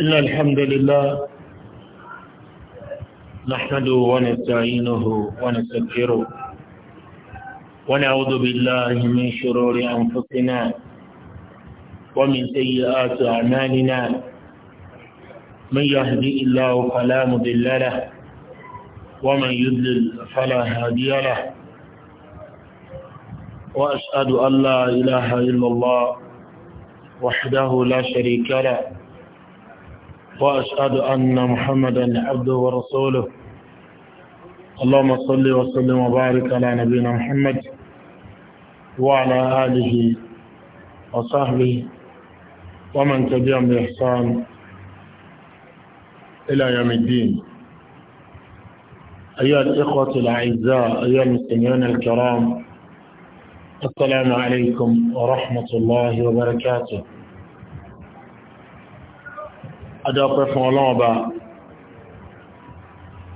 إلا الحمد لله نحمده ونستعينه ونستغفره ونعوذ بالله من شرور أنفسنا ومن سيئات أعمالنا من يهدي الله فلا مضل له ومن يضلل فلا هادي له وأشهد أن لا إله إلا الله وحده لا شريك له وأشهد أن محمدا عبده ورسوله اللهم صل وسلم وبارك على نبينا محمد وعلى آله وصحبه ومن تبعهم بإحسان إلى يوم الدين أيها الإخوة الأعزاء أيها المستمعون الكرام السلام عليكم ورحمة الله وبركاته adáwọ̀pẹ́ fún ọlọ́wọ́n bá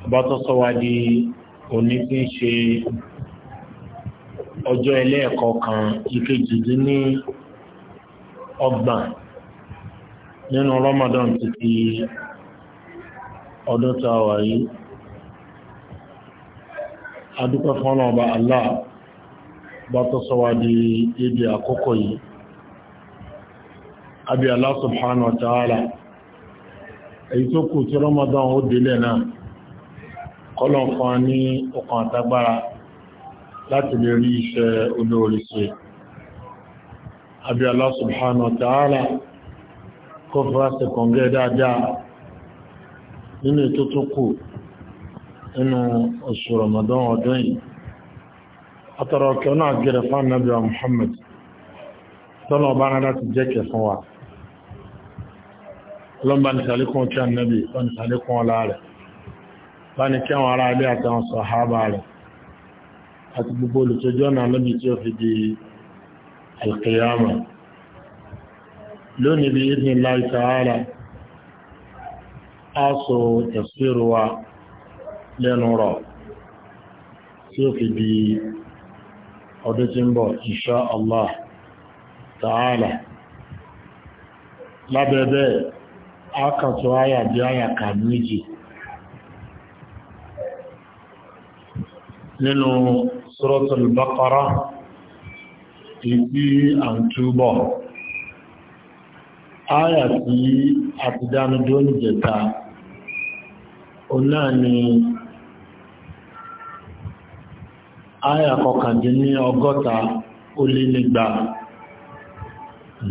ọba tó sọ wá di òní tí ń ṣe ọjọ́ ẹlẹ́ẹ̀kọ́ kan ìkejìdín ní ọgbọ̀n nínú Ramadan títí ọdún tá wà yìí adúpẹ́ fún ọlọ́wọ́n bá Allah ọba tó sọ wá di dédé àkókò yìí abi Allah subhanahu wa ta'ala. èyí tó kù tí Ramadan ó délẹ̀ náà kọ́lọ̀ ní ọkàn àtagbára láti lè rí iṣẹ́ olóorí ṣe àbí Allah subhanahu wa ta'ala dáadáa nínú ètò tó kù nínú oṣù Ramadan ọdún yìí Muhammad ọba náà láti jẹ́kẹ̀ ọlọ́mbà ní sàlékún tí a nẹ́bí wọ́n ní sàlékún ọlá rẹ̀ bá ní kí àwọn ará ilé àtàwọn sàhábà rẹ̀ àti gbogbo olùtọ́jọ́ náà lọ́bí tí ó fi di alkiyama lónìí bí ìdí láì sàárà a sọ tafsir lẹ́nu rọ̀ tí ó fi di ọdún tí ń bọ̀ insha Allah ta'ala lábẹ́ bẹ́ẹ̀ aka tó àyà dị àyà kà méjì nínú Suratul Baqara ìdí antubo àyà ti àtidánudó ń jẹta ó náà ni àyà kọkàndínní ọgọ́ta ó lé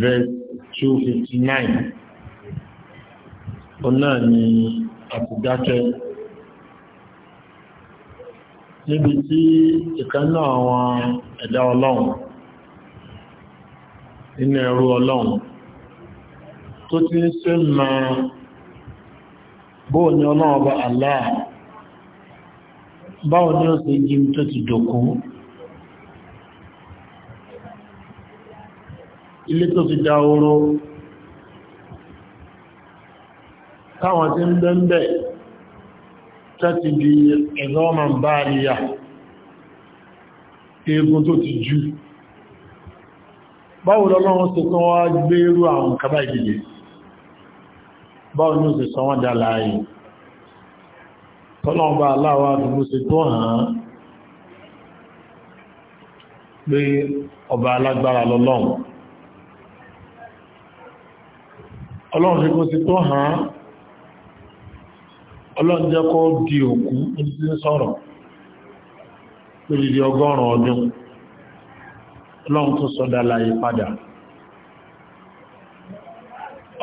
verse 259 òun náà ni àtìdákẹ́ níbi tí ìkánná àwọn ẹ̀dá ọlọ́run nínú ẹrú ọlọ́run tó ti ń ṣe ma bóò ní ọlọ́run ọba aláà báwo ni ó ṣe jí tó ti dòkú ilé tó ti dá táwọn tí ń bẹ́ńbẹ̀ tẹ́tì di ẹ̀lọ́màn bá níyà eégún tó ti jú báwo lọ́lọ́run ṣe kán wá gbé irú àwọn kaba ìdíje báwo ní òṣè sọ wọ́n dá láàyè tọ́lọ́run bá aláwọ̀ àdúgbò ṣe tó hàn án pé ọba alágbára lọ́lọ́run ọlọ́run fi kó ṣe tó hàn án ọlọ́njẹ́ kọ́ di òkú ní ti sọ̀rọ̀ lórí ọgọ́rùn ọdún ọlọ́run tó sọ́dá láyé padà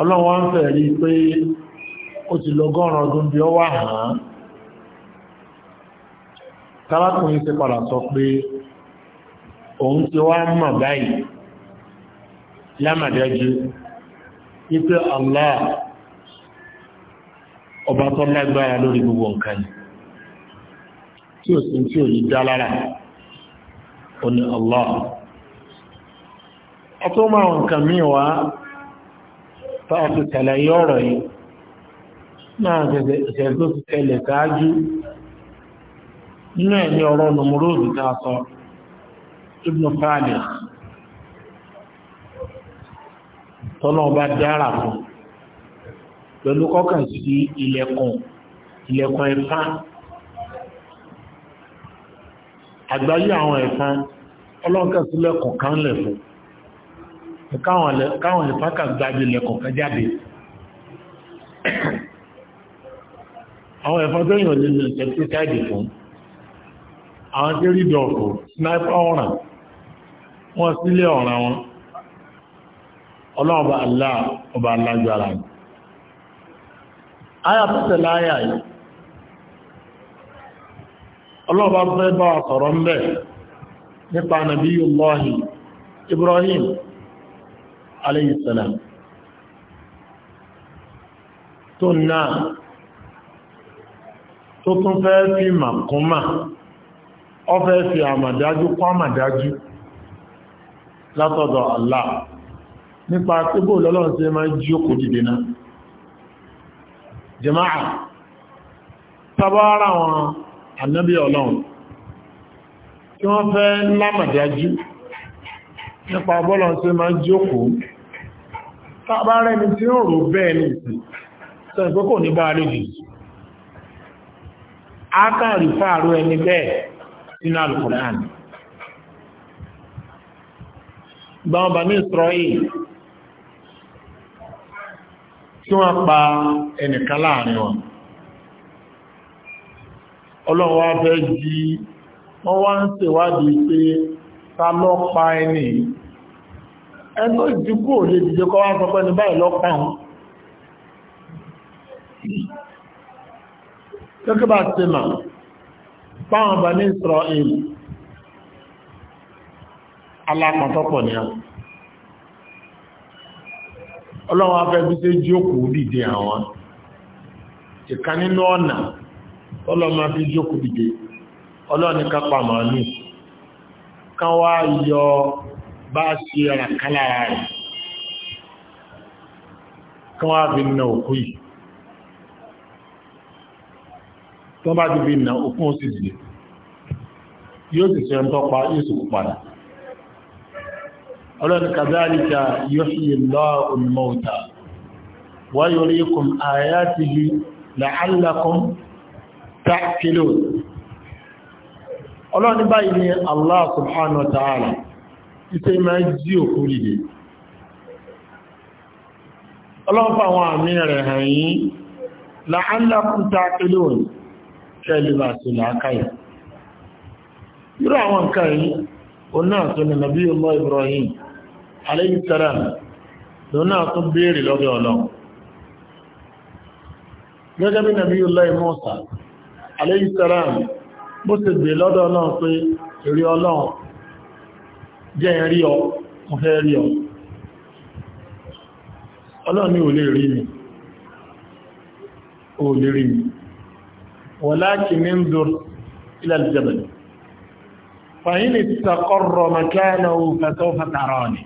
ọlọ́run ń rí pé ó ti lọ́gọ́rùn ọdún bí ó wà hàn tálákùnrin ti padà sọ pé òun ti wá ọba tó lágbára lórí gbogbo nǹkan ni tí ó sì tí ò ní dá lára ó ní Allah ọtọ́ máa wọn nǹkan míì wá tá a tẹ̀lẹ̀ yọ ọ̀rọ̀ yìí náà ṣẹ̀ṣẹ̀ tó ti tẹ̀lẹ̀ ṣáájú nínú ẹ̀mí ọ̀rọ̀ tá a sọ ibnu ọba dára fún pẹ̀lú kọ́kàn sí ilẹ̀kùn ilẹ̀kùn ẹ̀fán àgbáyé àwọn ẹ̀fán ọlọ́nkàn sí lẹ́kùn kan lẹ̀fún káwọn ẹ̀fán kan gbájú lẹ́kùn kan jáde àwọn ẹ̀fán tó yàn nínú ìṣẹ́pẹ́sáìdì fún àwọn tí rí dọ̀fù sniper ọ̀ràn wọ́n sílé ọ̀ràn wọn ọlọ́ọ̀bà aláà ọba alájú ara ni áyà tó tẹ̀lé áyà yìí ọlọ́ọ̀bá fẹ́ bá sọ̀rọ̀ ń bẹ̀ nípa Nabiyullahi Ibrahim alayhi tó náà tó tún fẹ́ fi màkúnmà ọ fẹ́ fi àmàdájú kọ́ látọ̀dọ̀ Allah nípa tí bó máa jí òkú dìde jama'a tabara wọn annabi ọlọ́run tí wọ́n fẹ́ lámàdájú nípa bọ́lọ̀n tí ma jókòó tabara ẹni tí ó rò bẹ́ẹ̀ ní ìsìn sọ ìpé kò ní bá lójì ákàrí fàáró ẹni bẹ́ẹ̀ sínú alùkùnrin àná gbọ́n bá ní Ísírẹ́lì tí wọ́n pa ẹnìkan láàrin wọn ọlọ́run wá fẹ́ jí wọ́n wá ń ṣèwádìí pé ta ló pa ẹni ẹnú ìdíkù ò lè dìde kọ́ wá sọ pé ní báyìí ló pa òun ti mà páwọn bá ní Ísírẹ́lì alápàtọ́pọ̀ ni a ọlọ́run afẹ́bí tí jókòó dìde àwọn ìka nínú ọ̀nà ọlọ́run afẹ́ jókòó dìde ọlọ́run ká pa màálù kan wá yọ bá ṣe ara kálára rẹ̀ kan wá fi na òkú yìí tó bá ti fi na òkú sí yóò sì ṣe ń tọ́pa yóò sì padà ọlọ́run kàzáríkà yuhyi Allahul mauta wa yuriikum ayatihi la'allakum ta'qilun ọlọ́run báyìí ni Allah subhanahu wa ta'ala ìtẹ́ máa jí òkú rìdè ọlọ́run fa àwọn àmì rẹ̀ hàn alayhi salam lòun náà tún béèrè lọ́dọ̀ ọlọ́run gẹ́gẹ́ bí Nabiyullah Musa alayhi salam bó ti gbé lọ́dọ̀ ọlọ́run pé èrè ọlọ́run jẹ́ rí ọ mo fẹ́ rí ọ ọlọ́run ni ò lè rí mi ò lè rí mi walakin inzur ila al-jabal fa in istaqarra makanahu fasawfa tarani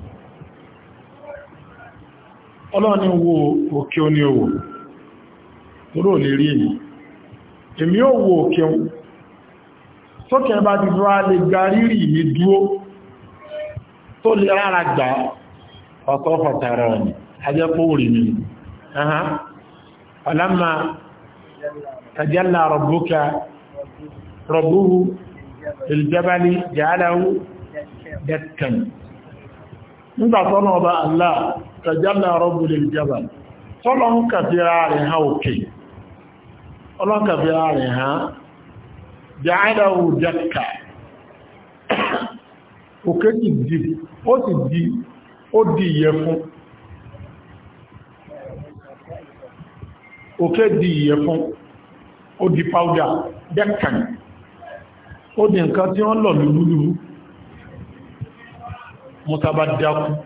ọlọ́run ni wo òkè ó ní owó oró lè rí èyí èmi ó wo òkè ó sókè bá ti fọ́ a lè gba rírì mi dúó tó lè rárá gbà ọ̀tọ́ fọ̀tàrà ọ̀nì ajẹ́pọ̀ orí mi ọ̀lámà tajalla rabbuka rabbuhu ìlújábálí jàádáwó dẹ́kẹ̀m tajalla rabbul jabal tọ́lọ́n kàfíra rẹ̀ ha òkè ọlọ́n kàfíra ha ja'alahu dakka òkè ti di ó ti di ó di ìyẹ̀fun òkè di ó di powder dẹ́kàn ó di nǹkan tí wọ́n lọ lúlúlú mọ́tàbá dákú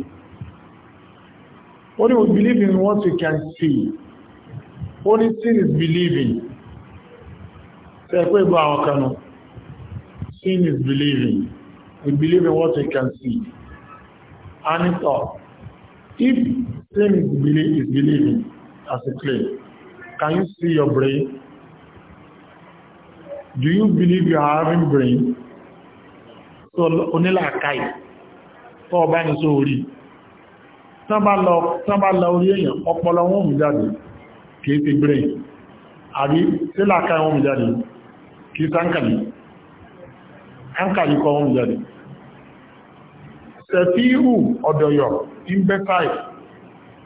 Only we believe in what we can see Only ní sin is believing ṣe ẹ̀kọ́ ìgbọ́ àwọn kanu sin is believing we believe in what we can see and it's all if sin is, believe, is believing as a claim can you see your brain do you believe you are having brain so onílàkàì tó ọba ní sóorí tánbà lọ orí èèyàn ọpọlọ wọn mú jáde kìí ti brain àbí sílàkà wọn mú jáde kìí sánkàlì ánkàlì kọ wọn mú jáde sẹ̀fíhù ọ̀dọ̀yọ̀ ìbẹ́sáì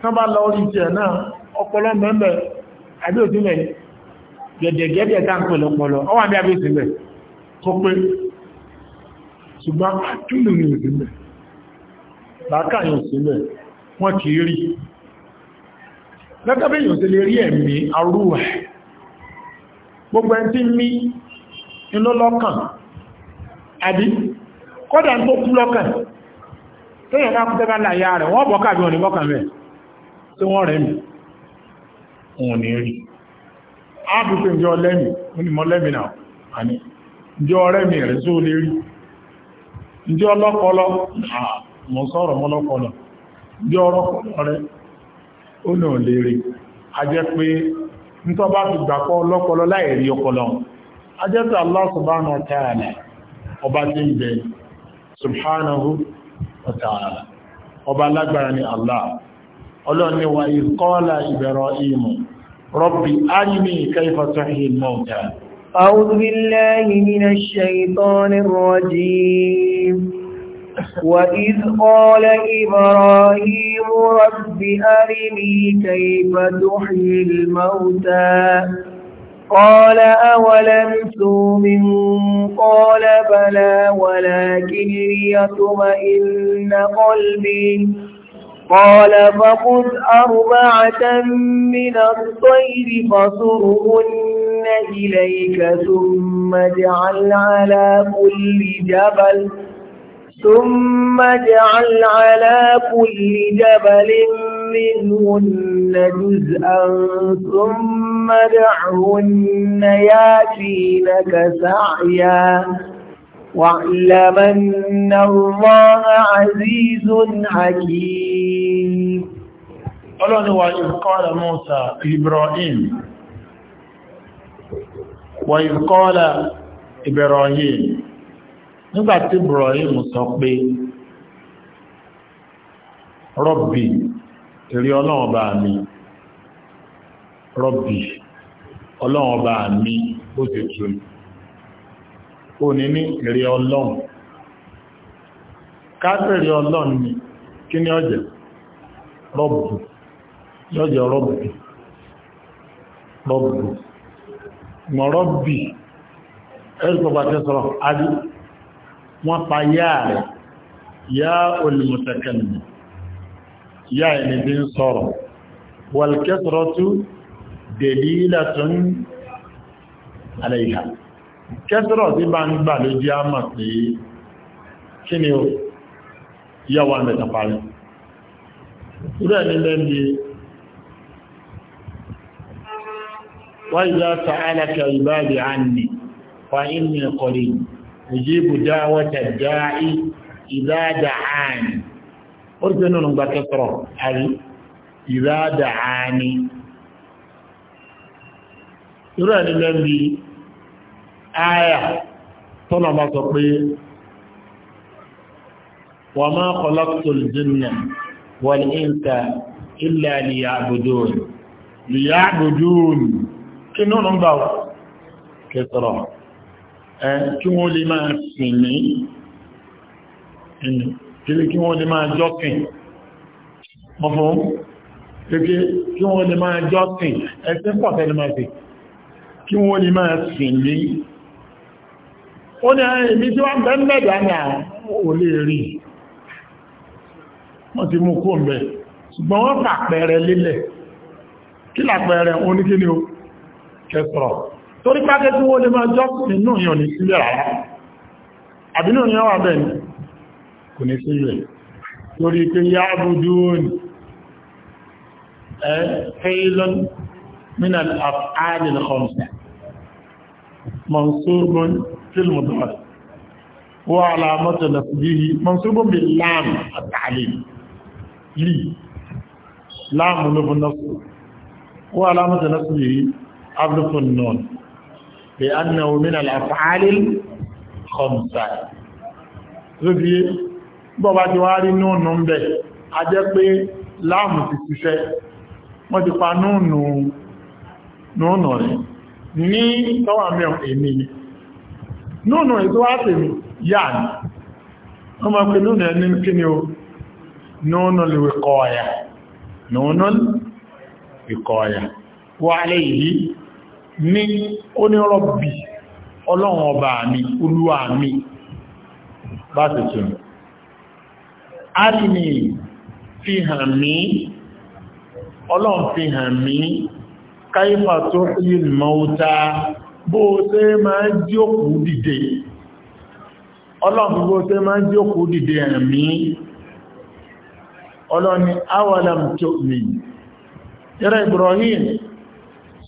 tánbà lọ orí ti ẹ̀ náà ọpọlọ mẹ́mẹ́ àbí òsìnlẹ̀ gẹ̀dẹ̀gẹ̀dẹ̀ táǹkọ̀ lọ́pọlọ ọwà bí abẹ́ òsìnlẹ̀ tó pé ṣùgbọ́n àtúlù ní òsìnlẹ̀ làákàyàn òsìnlẹ̀ wọ́n kì í rí lẹ́gbẹ́bẹ́ yóò lè rí ẹ̀mí arúwà gbogbo tí mí inú lọ́kàn àbí kọ́dà tó kú lọ́kàn tó yẹ̀ náà láyá rẹ̀ wọ́n bọ́ káàbí òní lọ́kàn rẹ̀ tí wọ́n rẹ̀ mí òun ní rí bí ọ̀rọ̀ rẹ̀ ó náà a jẹ́ pé nítọ́ bá ti gbàkọ́ ọlọ́pọlọ láìrí ọpọlọ a jẹ́ Allah subhanahu wa ọba tí ń subhanahu wa ta'ala ọba lágbára ni Allah ọlọ́ni wa idh qala Ibrahim rabbi arini أعوذ وإذ قال إبراهيم رب أرني كيف تحيي الموتى قال أولم تؤمن قال بلى ولكن ليطمئن قلبي قال فخذ أربعة من الطير فصرهن إليك ثم اجعل على كل جبل ثم اجعل على كل جبل منهن جزءا ثم دعهن ياتينك سعيا واعلم ان الله عزيز حكيم قالوا وإذ قال موسى إبراهيم وإذ قال إبراهيم nígbà tí Ibrahim sọ pé rọ́bì èrè ọlọ́run bá mi rọ́bì ọlọ́run bá mi bó ti tún ó ní ní èrè ọlọ́run káàkiri ọlọ́run ni kí ni ọjẹ́ rọ́bù yọ́jẹ́ rọ́bù rọ́bù mọ̀ rọ́bì ẹ̀rùpọ̀ pàtẹ́ sọ́rọ̀ wọ́n pa yá rẹ̀ yá olùmọ̀tẹ̀kẹ̀lì yá ẹni bí ń sọ̀rọ̀ wàlkẹ́sọ̀rọ̀tú dẹ̀lílàtún aláìhà kẹ́sọ̀rọ̀ tí bá ń gbà ló jẹ́ àmà pé kí ni ó yá wà mẹ́ta parí inni qarib òjìbù dáwọ́ tẹ̀dá ìdáàdà ààni ó rí pé nínú gba kẹsọ̀rọ̀ àrí ìdáàdà ààni irú ẹni lẹ́mí ààyà tọ́nà bá sọ pé wà máa kọlọ́tò jìnnà wọ́n ní ìta ilẹ̀ liya'budun liya'budun kí nínú gbà kẹsọ̀rọ̀ kí wọ́n lè máa sìn ní kílé kí wọ́n lè máa jọ́sìn ọ̀fún kíkẹ́ kí wọ́n lè máa jọ́sìn ẹ̀sẹ̀ pọ̀tẹ́ lè máa sìn kí wọ́n lè máa sìn ní ó ní ẹ̀mí tí wọ́n bẹ̀m̀bẹ̀dà náà ò lè rí wọ́n ti mú kó mẹ́ ṣùgbọ́n wọ́n pàpẹẹrẹ lélẹ̀ kí làpẹẹrẹ oníkíní kẹsọ̀rọ̀ torí pàtẹ́ tí wó lè máa jọ́ nínú ìyàn ní sílẹ̀ rárá àbínú ìyàn wà bẹ́ẹ̀ ni kò ní sílẹ̀ lórí pé yá abúdúwòní ẹ́ fẹ́ilọ́n min al-af'al al-khamsa mansubun fil mudari wa alamatu nasbihi mansubun bil lam at-ta'lil li lam lubun nasb wa abdufun nun pé annahu min al-af'ali al-khamsa lóbi bọ́ba ti wá rí núùnù ń bẹ̀ a jẹ́ pé láàmù ti ṣiṣẹ́ wọ́n ti pa núùnù núùnù rẹ̀ ní tọ́wà mẹ́rin èmi ni ètò wá yà ní wọ́n máa pè núùnù ẹni kí ni o núùnù lè kọ́ ọ̀yà ní onírọ̀bì ọlọ́run ọba mi olúwa mi bá ti tún ni fi hàn mí ọlọ́run fi hàn mí káífà tó yí mọ́ta bó ṣe máa jí òkú dìde ọlọ́run bó ṣe máa jí òkú dìde hàn mí ọlọ́run ni awalam tó mi Ibrahim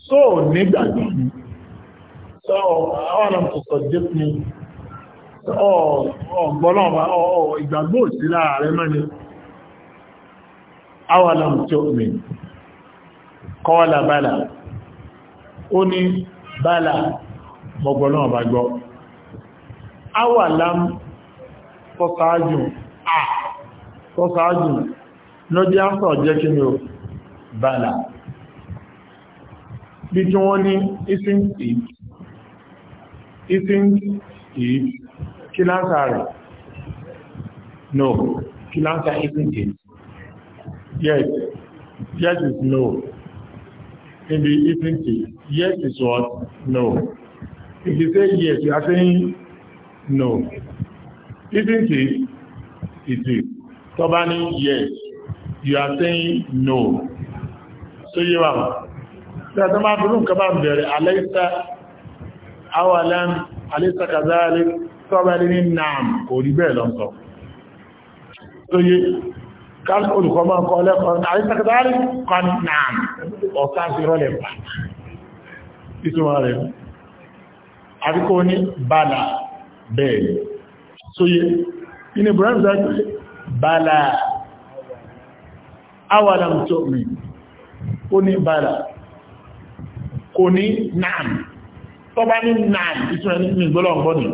so nígbàgbọ́ mi so àwọn ọmọ tó sọ jẹ́ fún mi ọ̀gbọ́lọ́wà ìgbàgbọ́ sí láàrẹ mẹ́ni awalam tí ó mìn kọ́ọ̀lá bala ó ní bala mọ̀gbọ́lọ́wà gbọ́ awalam tọ́sáájú à tọ́sáájú lọ́dí ánsọ̀ jẹ́ kí ni ó bala bí tí wọ́n ní isn't it isn't it kí no kí lánsà isn't it yes yes is no níbi isn't it yes is what no if you say yes you are saying no isn't it it is tó bá yes you are saying no so you yíwa tẹ́ẹ̀tọ́ máa fi rúnkà bá bẹ̀rẹ̀ aláìsá awalan aláìsá kazali tọ́bẹ̀lì ní naam kò rí bẹ́ẹ̀ lọ́nkọ̀ tó yé olùkọ́ máa kọ́ lẹ́kọ́ aláìsá kazali kan naam ọ̀sá sí rọ́lẹ̀ bá ìtumọ̀ rẹ̀ àríkò ní bala bẹ́ẹ̀ tó ó ní bala kò ní nàm tó bá ní nàm ìtúnrẹ́ ní ìgbọ́lọ̀ ọ̀gbọ́n ni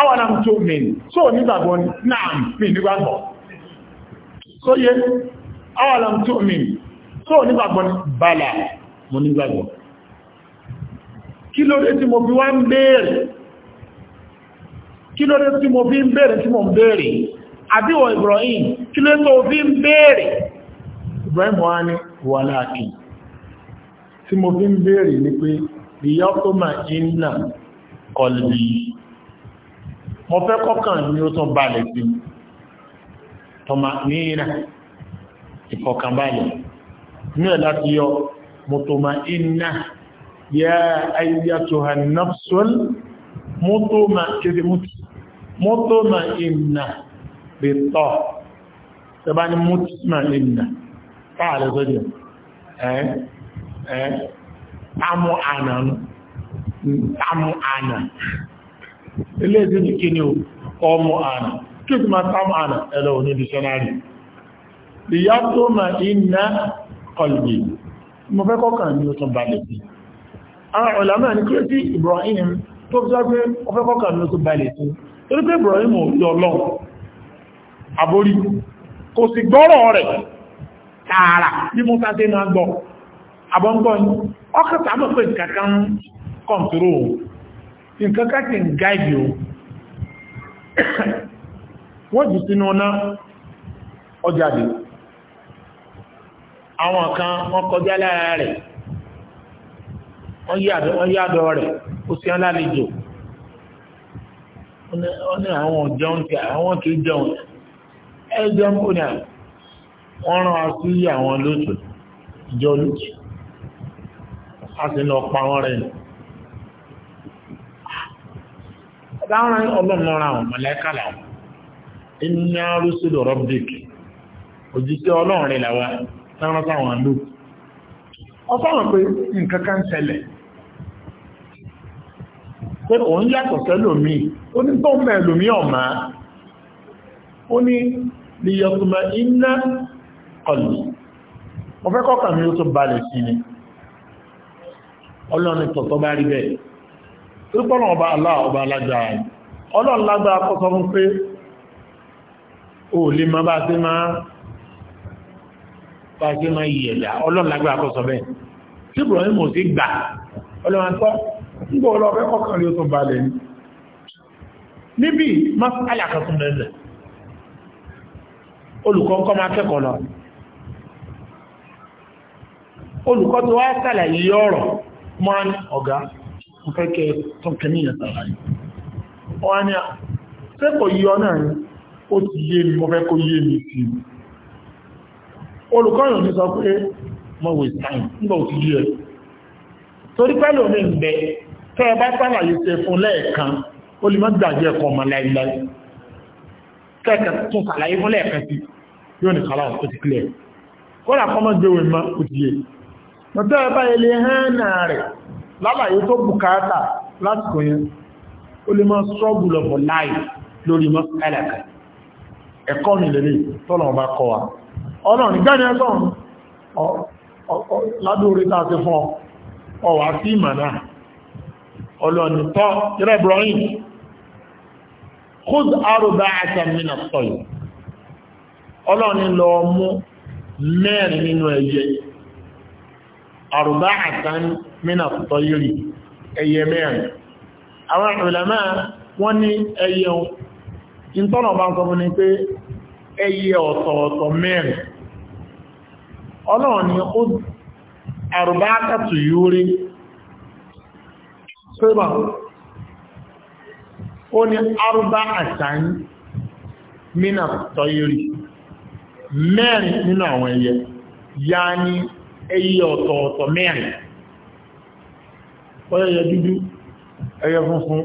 àwọn nàm tó mìn tó nígbàgbọ́ nàm mìn nígbàgbọ́ tó yẹ àwọn nàm tó mìn tó nígbàgbọ́ bàlà mo nígbàgbọ́ kí ló dé tí mo fi wá ń béèrè kí ló dé tí mo fi ń béèrè tí mo ń béèrè àbíwọ̀ Ibrahim kí ló dé tó fi ń béèrè Ibrahim wá ní wàláàkì tí mo fi ń béèrè ní pé ìyá tó ma iná kọlùbí mo fẹ́ kọ́kàn ní ó tún balẹ̀ sí tọ́mà ní ìrà ìfọ̀kànbalẹ̀ ní ẹ̀ láti yọ mo tó ma iná yá ayíyá tó ha nafsul mo tó ma kéde mútì mo tó ma iná lè tọ́ tẹ́bá ní mútì ma iná fáà lẹ́sọ́jọ́ ẹ́ tamu ana tamu ànà eléyìí ní kí ni ọmọ ànà kí tí ma tamu ana ẹlọ ní dìṣẹ́nàrí ìyá tó ma iná kọlùgbì mo fẹ́ kọ́kàn ní oṣù balẹ̀ sí àwọn ọ̀làmọ́ ní kí tí Ibrahim tó fi sáfẹ́ ọfẹ́ kọ́kàn ní oṣù balẹ̀ sí torí pé Ibrahim ò yọ lọ àborí kò sì gbọ́rọ̀ rẹ̀ tààrà àbọ̀ngbọ́n ọkàtà mọ̀ pé nǹkankan kọ̀ntúrò nǹkankan ti ń gáìdì o wọ́n jù sínú ọ̀nà ọjáde àwọn kan wọ́n kọjá lára rẹ̀ wọ́n yádọ̀ rẹ̀ ó sí alálejò wọ́n ní àwọn ọ̀jọ́un tí àwọn kìí jẹun ẹjọ́ ń ní àwọn ọ̀rán sí àwọn lóṣù ìjọ lóṣù a sì lọ pa wọ́n rẹ̀ dáwọn ọlọ́mọ́ra wọn mọ̀lẹ́kàlà iná rúsùlù rọ́bìk òjíṣẹ́ ọlọ́run rẹ̀ làwá tánrán sáwọn àlú ọfọ́rọ̀ pé nǹkan kan ṣẹlẹ̀ pé òun yàtọ̀ sẹ́lòmí ó ní tó mẹ́lòmí ọ̀má ó ní liyọ̀tùmọ̀ iná kọlù mo fẹ́ kọ́kàn mi ó tó balẹ̀ sí ni ọlọ́run tọ̀tọ̀ bá rí bẹ́ẹ̀ torípọ́nà ọba aláà ọba lagba ọlọ́run lágbàá kọ́sọ́ fún pé o lè máa bá ma máa bá ṣe máa yìí ẹ̀dá ọlọ́run lágbàá kọ́sọ́ bẹ́ẹ̀ tí Ibrahim ò sí gbà ọlọ́run olùkọ́ tó wá sàlàyé wọ́n ní ọ̀gá ọ̀fẹ́kẹ́ tọ́kẹ́ ní ìyàtàrà yìí wọ́n ní sẹ́kọ̀ọ́ yíọ náà ni ó ti yé mi ọ̀fẹ́ kó yé mi sí i olùkọ́yàn ní sọ pé mọ̀wé sáìn nígbà òtí yí ẹ̀ torí pẹ́lú omi ń bẹ tẹ́ ẹ bá sàlàyé ṣe fún lẹ́ẹ̀kan ó lè má gbàgbé ẹ̀kọ́ ọmọ láìláì kẹ́ẹ̀kẹ́ tún sàlàyé fún lẹ́ẹ̀kan sí yóò ní kàlá ó ti kílẹ̀ kọ́lá kọ́mọ́ gbéwèé mọ́ òtí tọ́tọ́ ẹ̀bá ilé hẹ́nà rẹ̀ lálàyé tó bùkátà lásìkò yẹn ó lè máa struggle of life lórí mọ́ ẹ̀lẹ̀kẹ̀ ẹ̀kọ́ mi lè tọ́nà ọba kọ wa ọ̀nà ìgbẹ́ni ẹ̀sọ́n ládúrí tá a ti fún ọ àrùbá àtàn mínà tọ́yìrì ẹyẹ mẹ́rin àwọn ìrìnlẹ̀mẹ́ wọ́n ní ẹyẹ ìtọ́nà bá ń sọ fún ni pé ẹyẹ ọ̀tọ̀ọ̀tọ̀ mẹ́rin ọlọ́run ni ó àrùbá àtàtù yúrí sọ́bà ó ní àrùbá mínà tọ́yìrì mẹ́rin nínú àwọn ẹyẹ yáà ni ẹyẹ ọ̀tọ̀ọ̀tọ̀ mẹ́rin ọyẹyẹ dúdú ẹyẹ funfun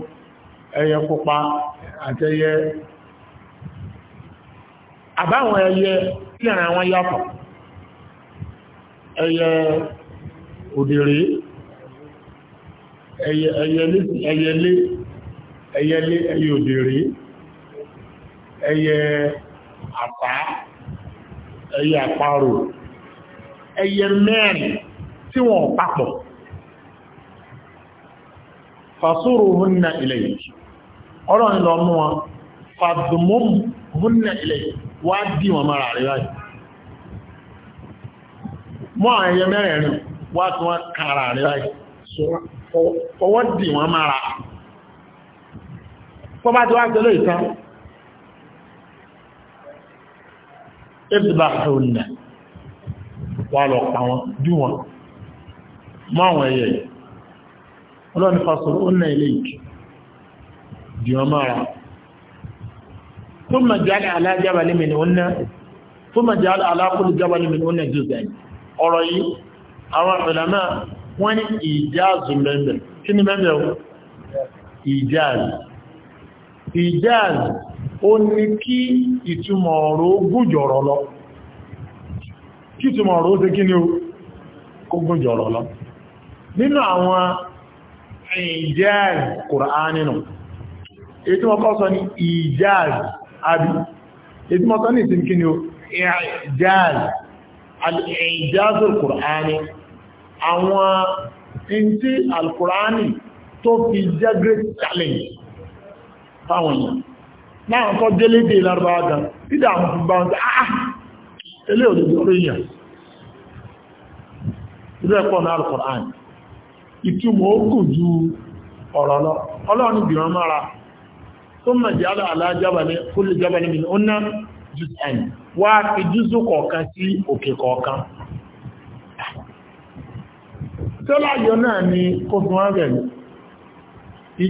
ẹyẹ pupa àti ẹyẹ àbáwọn ẹyẹ sílẹ̀rẹ̀ àwọn yàtọ̀ ẹyẹ òdèrè ẹyẹlé ẹyẹlé ẹyẹ òdèrè ẹyẹ àpá ẹyẹ àparò ẹyẹ mẹ́rin tí wọ́n papọ̀ fàṣúrù húnnà ilẹ̀ ọ̀rọ̀ ìlọ mú wọn fàdùmọ́m húnnà ilẹ̀ wá dí wọn mara rẹ̀ láì mọ́ àwọn ẹyẹ mẹ́rin wá tí wọ́n kàrà rẹ̀ láì fọwọ́ dí wọn mara wà lọ pa wọn dú wọn mọ́ àwọn ẹyẹ ọlọ́ni fasọ̀rọ̀ ó nà ilé ìkì dì wọn mára tó mọ̀ jẹ́ alájábà lè mìíràn ọ̀nà tó mọ̀ jẹ́ alákùnrin jábà lè mìíràn ọ̀nà jù bẹ́ẹ̀ ọ̀rọ̀ yìí àwọn ìlànà wọ́n ní ìjáàzù mẹ́mẹ́ kí ni mẹ́mẹ́ o ìjáàzù ìjáàzù ó ní kí ìtumọ̀ ọ̀rọ̀ gùjọ̀rọ̀ lọ kí túnmọ̀ ọ̀rọ̀ ó ṣe kí ni ó kógún jọ̀rọ̀ lọ nínú àwọn ìjáàzì kùránì nù èyí tí wọ́n kọ́ sọ ní ìjáàzì àbí èyí tí wọ́n sọ ní ìsinmi kí ni ó ìjáàzì kùránì àwọn ìntí al tó fi jẹ́ great challenge fáwọn èèyàn láàrín kọ́ délédé lárúbáwá gan dídà àwọn fi bá wọn sí ilé òdòdó oríyàn ilé ẹ̀kọ́ náà Al-Qur'an ju ọ̀rọ̀ lọ ọlọ́run bìrán mára tó mọ̀ jẹ́ alájábalẹ̀ kúlù jábalẹ̀ mi ó ná jùsàn wá fi jùsù kọ̀ọ̀kan sí òkè kọ̀ọ̀kan tó ni ti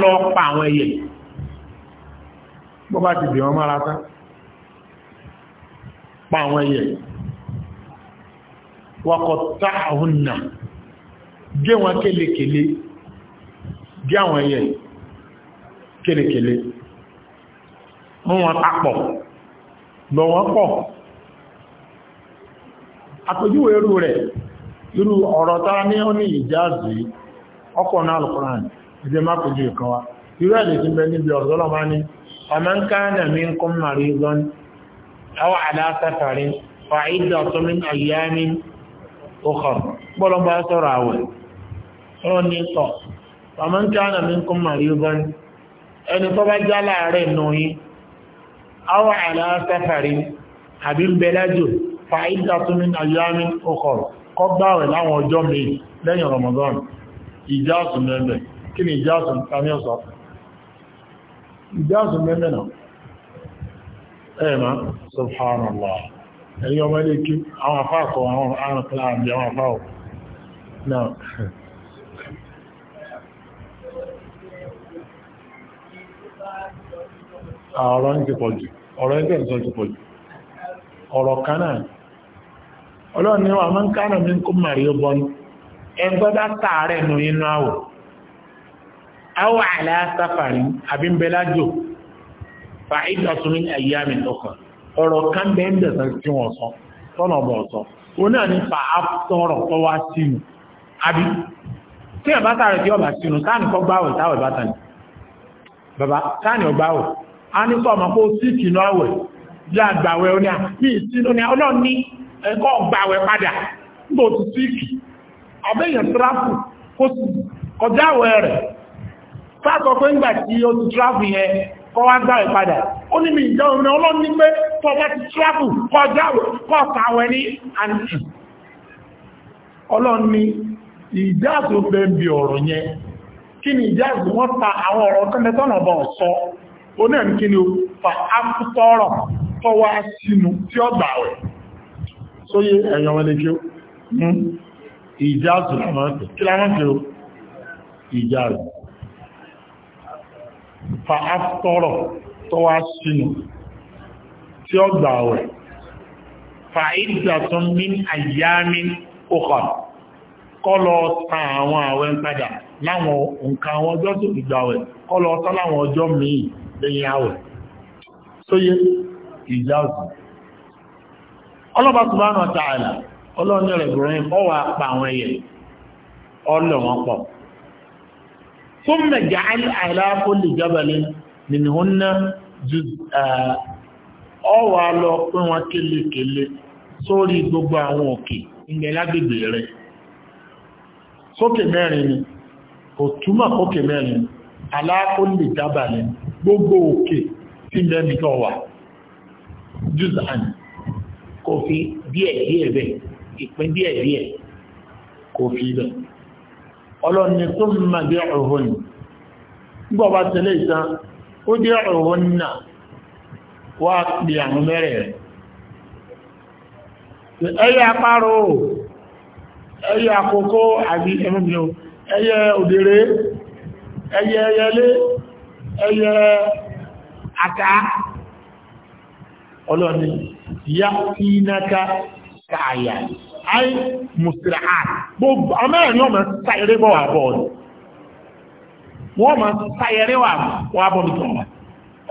lọ pa bó bá ti dè wọ́n mára tán pa àwọn ẹyẹ wakọ̀ tá àwọn nà gé wọn kélekèlé gé àwọn ẹyẹ kélekèlé mú wọn papọ̀ lọ wọn pọ̀ àpèjúwe irú rẹ̀ irú ọ̀rọ̀ tàà ní ó ní ìjáàzì ọkọ̀ náà lùkùnrin ẹgbẹ́ má pèjú ìkan wa irú ẹ̀ bẹ níbi ọ̀rọ̀ tọ́lọ́mà ní ومن كان منكم مريضا أو على سفر فعدة من أيام أخر بلو باسر أول روني طو ومن كان منكم مريضا أن تبجى لأرنوه أو على سفر حبيب بلاجه فعدة من أيام أخر قضى ولا وجمعي لن رمضان إجازة من البيت كن إجازة كان يصف ìjáàsùn mẹ́mẹ́nà ẹ̀mà subhanallah ẹ̀yọ ọmọ ilé kí àwọn afáàkọ̀ àwọn arìnkìláàbí àwọn afáàkọ̀ náà ọ̀rọ̀ ń ti pọ̀jù ọ̀rọ̀ ẹgbẹ́ ìsọ́ ti pọ̀jù awa ala safarin àbí fa min ayyamin ukhra ọ̀rọ̀ kan bẹ́ẹ̀ ń dẹ̀sán tí wọ́n sọ ní fa tí ẹ̀ bá sáré tí ọba sínú sáàni bá tàní bàbá sáàni a ní ọmọ kó sí àwẹ̀ ni ọlọ́run ní gbàwẹ̀ padà sáàtọ̀ pé ń gbà tí ó ti tráfù yẹn kọ́ wá gbà rẹ̀ padà ó ní mi ìjọ òun ọlọ́run ní pé tó bá ti tráfù kọ́ jáwò kọ́ sàwẹ̀ ní àǹtì ọlọ́run ní ìjáàzù bẹ́ ń bi ọ̀rọ̀ yẹn kí ni ìjáàzù wọ́n ta àwọn ọ̀rọ̀ tẹ́lẹ̀tọ́nà bọ̀ sọ ó náà ní kí ni ó fa ápútọ́rọ̀ tó wá sínú tí ó gbà rẹ̀ sóyé ẹ̀yàn wọn lè kí hmm, ó ìjáàzù làwọn pè kí làwọn fa aftọrọ tọwa sinu tí ó gbà ọ̀rẹ̀ fa iddatun min ayyamin ukhar kọlọ ta àwọn àwẹ̀ padà láwọn nǹkan àwọn ọjọ́ tó ìgbà ọ̀rẹ̀ kọ́lọ̀ ta láwọn ọjọ́ míì lẹ́yìn àwẹ̀ sóyé ìjáàzù ọlọ́ba nà wa rẹ̀ ọwà pa àwọn ẹyẹ pọ̀ ثم جعل على كل جبل منهن جزءا ọwọ́ alọ pín wọn kélekèle sórí gbogbo àwọn òkè ilẹ̀ lágbègbè rẹ̀ sókè mẹ́rin ni kò túmọ̀ kókè mẹ́rin aláàkólè jábàlẹ̀ gbogbo òkè tí mẹ́rin tó wà jùzàn kò fi díẹ̀ díẹ̀ bẹ̀ ìpín díẹ̀ díẹ̀ kò fi bẹ̀ ọlọ́ni tó mọ̀ bí ọ̀hún gbọ́ba tẹ̀lé ìtàn ó jẹ́ ọ̀hún náà wá pè àwọn mẹ́rẹ̀ rẹ̀ ẹyẹ apárò ẹyẹ àkókò àbí ẹmọ́bìnrin ẹyẹ òdèrè ẹyẹ ẹyẹlé ẹyẹ àká ọlọ́ni yá kí náà àì mùsùlùmí ha ọmọ ẹ̀rí ọmọ sáyẹrẹ wọ́n ma sáyẹrẹ wa wà bọ̀ nìkan wà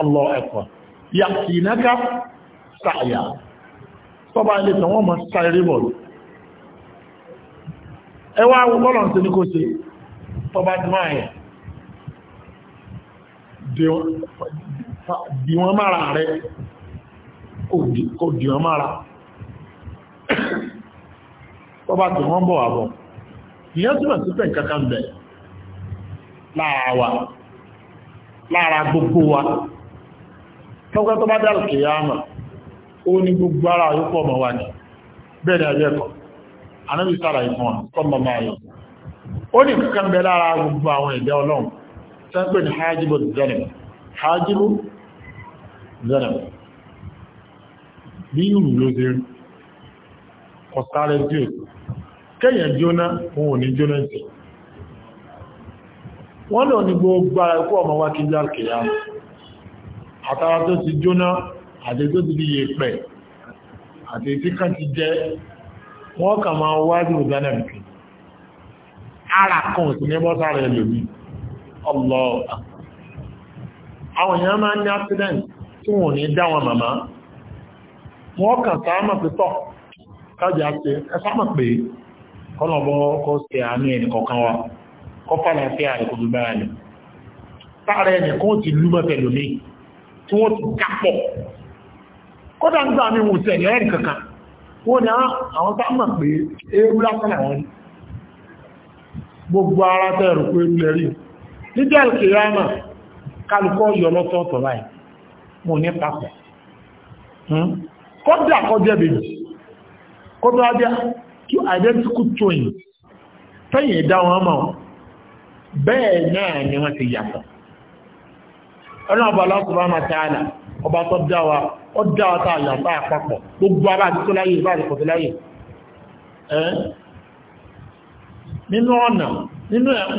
ọlọ́ ẹ̀kọ́ yàtì náà sáyà sọ́bà ilé tàn wọ́n ma sáyẹrẹ bọ̀ ẹ wá wọ́n sí ní kò máa yẹ rẹ kò di tọ́bá tí wọ́n bọ̀ àbọ̀ ìyẹn túnmọ̀ sí kankan bẹ̀ wa gbogbo wa tọ́gbẹ́ tọ́bá dárò kìí ama ó ní gbogbo ara yóò ọmọ wa ní ni anábì sára ìfún gbogbo bí ló ọ̀sáré tí ó kẹ́yàn jóná fún òní jóná ìtì wọ́n lọ ní gbogbo ẹkú ọmọ wá kí járkìyà àtàrà tó ti jóná àti tó ti yẹ pẹ̀ àti tí kan ti jẹ́ wọ́n kà máa wá ara kan sí ní bọ́sára ẹlòmí ọlọ́ ní wọ́n kà sáà kájà ṣe ẹsámọ̀ pé kọ́lọ̀bọ́ kọ́ sí àánú ẹni kọ̀ọ̀kan wa kọ́ padà sí àìkò tó bára nì sáàrẹ ẹni kan ti lú mọ́tẹ̀lú ní tí wọ́n ti kápọ̀ kódà ń gbà mí wù sí ẹ̀yẹ́ ẹ̀rì kankan wọ́n ah, ni àwọn sáàmọ̀ pé eérú lásán àwọn gbogbo ara kó tó ajá two identical twins tẹ́yìn ìdá wọn mọ̀ bẹ́ẹ̀ náà ni wọ́n ti yàtọ̀ ọlọ́ọ̀bà lọ́sùnmọ́ máa tààlà ọba tó dáwà ó dáwà tàà yàtọ̀ àpapọ̀ gbogbo ara àti tó láyé ìbá àti kòtò láyé ẹ́ nínú ọ̀nà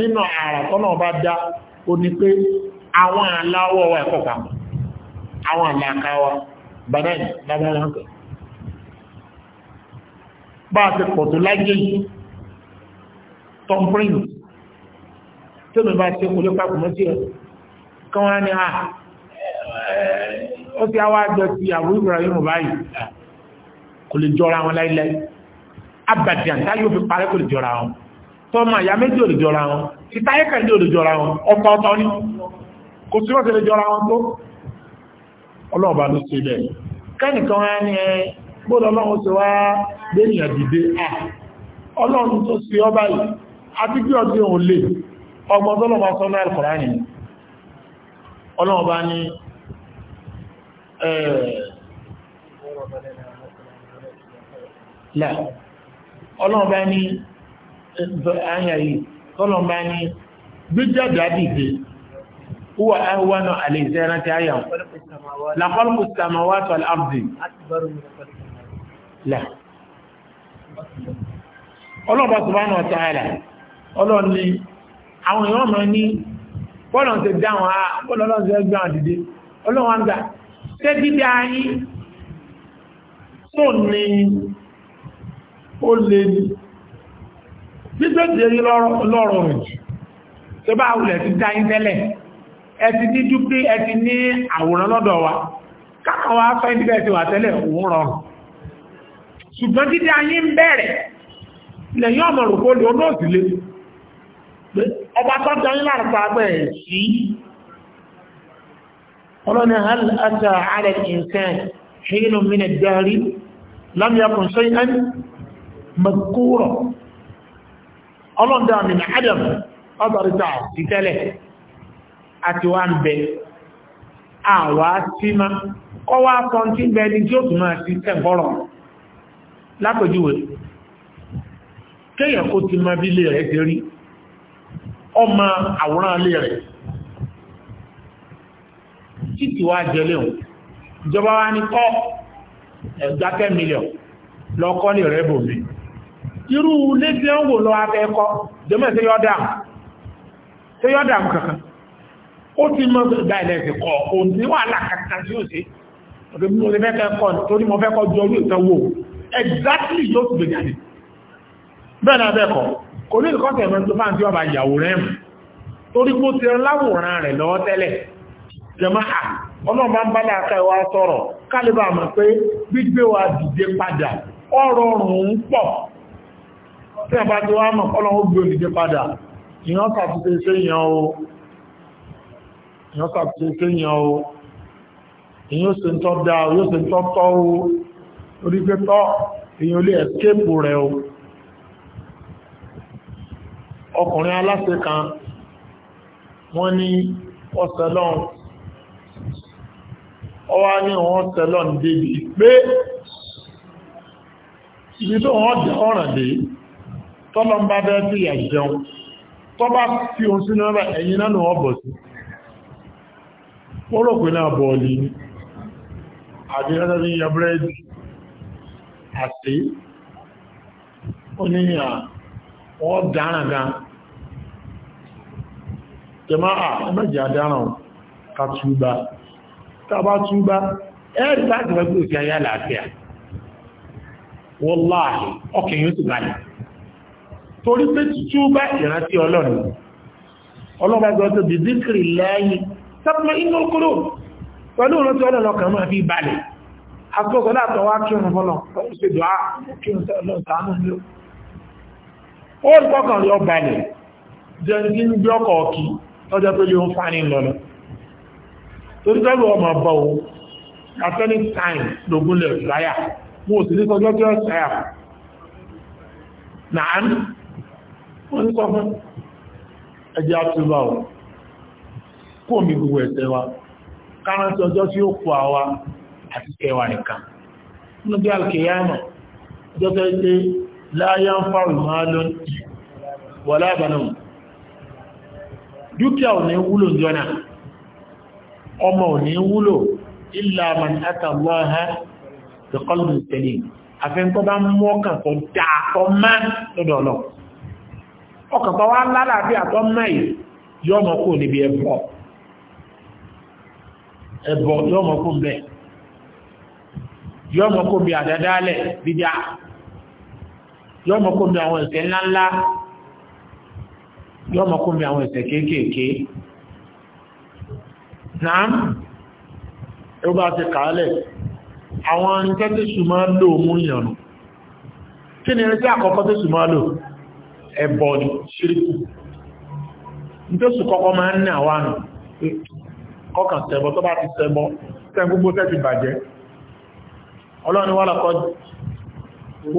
nínú àrà tọ́nà àwọn aláwọ̀ wa ẹ̀kọ́ kàmù àwọn àlàkà wa bàdáyì lábẹ́rẹ́ bá a ti pọ̀ tó láyé tom prince tó mi bá ṣe kúlé papọ̀ mọ́ sí ẹ̀ kí wọ́n á ní à ah, eh, ó ti àwọn àjọ ti àbúrò Ibrahim báyìí ah, kò lè jọra wọn láíláí abàdìyàn tá yóò fi parẹ́ kò lè jọra wọn tọ́mọ ìyá méjì ò lè jọra wọn ìtayé kẹ̀lé ò lè jọra wọn ọ̀tọ̀ ọ̀tọ̀ ni kò sí wọ́n ti lè jọra wọn tó ọlọ́ọ̀bá ló ṣe bẹ́ẹ̀ kẹ́nìkan wọn ní ẹ eh, bóòdọ̀ ọlọ́run ti wá gbéyàn dìde à ọlọ́run tó sí ọba yìí àti bí ọdí òun lè ọgbọ́n tó lọ́wọ́ sọ́nà alkùnrin ọlọ́run bá ní ọlọ́run bá ní àyà yìí huwa ahwanu alayhi sanati ayam la khalqu as-samawati là ọlọ́ọ̀bá subhanahu wa ta'ala ni àwọn èèyàn máa ní bọ́ọ̀lọ̀ ti dá wọn á ah, bọ́ọ̀lọ̀ lọ́sí ẹgbẹ́ àwọn dìde ọlọ́wọ́n gbà ṣé dídá yín tó ní ó lè ní gbígbẹ́jẹ̀ yí lọ́rọ̀ rẹ̀ tó bá ti dá yín tẹ́lẹ̀ ẹ ti ní dúpé ẹ ti ní àwòrán lọ́dọ̀ wa káàkiri wá fẹ́ níbẹ̀ ti wà tẹ́lẹ̀ ṣùgbọ́n ayé ń bẹ̀rẹ̀ lẹ́yìn ọmọ òrùkó lè ọmọ òsìlé ọba tó dán yín láàrín sí ọlọ́ni hal ata ala al-insan hinun min ad adam títẹ́lẹ̀ àti ń bẹ tọ́ntí tí lápẹjúwe kéèyàn kó ti máa bí ilé rẹ̀ ti rí ọmọ àwòrán ilé rẹ̀ títí wá jẹlé òun ìjọba wá ní kọ́ ẹ̀gbá 10 million lọ́kọ́ lè rẹ̀ bò mí irú ilé tí ó ń wò lọ abẹ́ ẹkọ́ jẹ́mọ̀ sí yọ́dàmù sí yọ́dàmù kankan ó ti mọ́ ìgbà ilẹ̀ ẹ̀sìn kọ́ òun ní wàhálà kankan tí ó ṣe ọ̀dọ̀ mi exactly yóò ti gbé jáde bẹ́ẹ̀ náà bẹ́ẹ̀ kọ́ kò ní ìkọ́sẹ̀ ẹ̀mọ́ tó bá ń tí ọba ìyàwó rẹ̀ mù torí kó ti láwòrán rẹ̀ lọ́wọ́ tẹ́lẹ̀ jẹmáà ọlọ́mà ń bá láàká ìwà sọ̀rọ̀ kálíbà mọ̀ pé gbígbé wa dìde padà ọrọ̀ ọ̀rùn ń pọ̀ tí a bá ti wá mọ̀ ọlọ́run gbé olùdé e padà ìyàn sàtúnṣe séyàn o ìyàn sàtúnṣe séyàn o ìyàn ó se ń tọ́ dáa torí pé tọ́ èyàn lè ẹ̀skẹ́pù rẹ̀ o ọkùnrin aláṣẹ kan wọ́n ní ọ̀sẹ̀lọ́n ọwá ní wọ́n sẹ̀lọ́n débi pé ibi tó wọ́n jẹ́ ọ̀ràn dé tọ́lọ ń bá bẹ́ sí ìyà jẹun tọ́ bá fi ohun sínú ẹ̀rẹ̀ ẹ̀yìn náà wọ́n bọ̀ sí ó rò pé náà bọ̀ọ̀lì ni àbí ní ìyà àti oníyà wọ́n dáràn gan jẹmọ́ àmẹ́jì ká túbá tàbá túbá ẹ̀rì láti rẹ̀gbẹ̀ òfin ayá làáfíà wọ́láàrí ọkẹ̀ yóò ti báyìí torí pé túbá ìrántí ọlọ́run ọlọ́gbàgbọ́ tó bí zikri láyé sápẹ́ inú kúrò pẹ̀lú ìrántí máa fi balẹ̀ agbókọ̀ látọ̀ wá kírun fọ́lọ̀ ọ̀hún ṣe dùá kírun tẹ́lọ̀ tánú ní ó ń kọ́kàn rí ọba ilẹ̀ jẹ́ ní ń gbé ọkọ̀ ọ̀kí tọ́jọ́ pé lè ń fani lọ́nà torí tẹ́lù ọmọ ọba o at any time lògùn lè ráyà mo sì ní sọjọ́ tí ó ṣáyà náà wọ́n ní sọ fún ẹjẹ́ àtúbà o kó mi gbogbo ẹ̀ṣẹ̀ wa kárántí ọjọ́ tí ó kù àwa àti kẹwàá nìkan nínú bí alkiyama ọjọ́ tó ṣe láyá ń fa ìmọ̀lọ́ wà lábàánà dúkìá ò ní wúlò jọna ọmọ ò ní wúlò illa man ata Allaha bi qalbin salim àfẹ́ntọ́ bá mú bẹ́ẹ̀ yọ́ mọ́ kó bí àdádálẹ̀ dídá yọ́ mọ́ kó bí àwọn ẹ̀ṣẹ̀ ńláńlá yọ́ mọ́ kó bí àwọn ẹ̀ṣẹ̀ kéékèèké náà ó bá ti kàálẹ̀ àwọn irinṣẹ́ tí súnmọ́ lò mú ìyànù kí ni irinṣẹ́ àkọ́kọ́ tí súnmọ́ lò ẹ̀bọ̀ ni ṣíríkù nítòsù kọ́kọ́ máa ń ní àwọn àrùn kọ́kàn ṣẹbọ tó bá ti ṣẹbọ tẹ́ gbogbo tẹ́ ti bàjẹ́ ọlọ́ni wà lọ́kọ́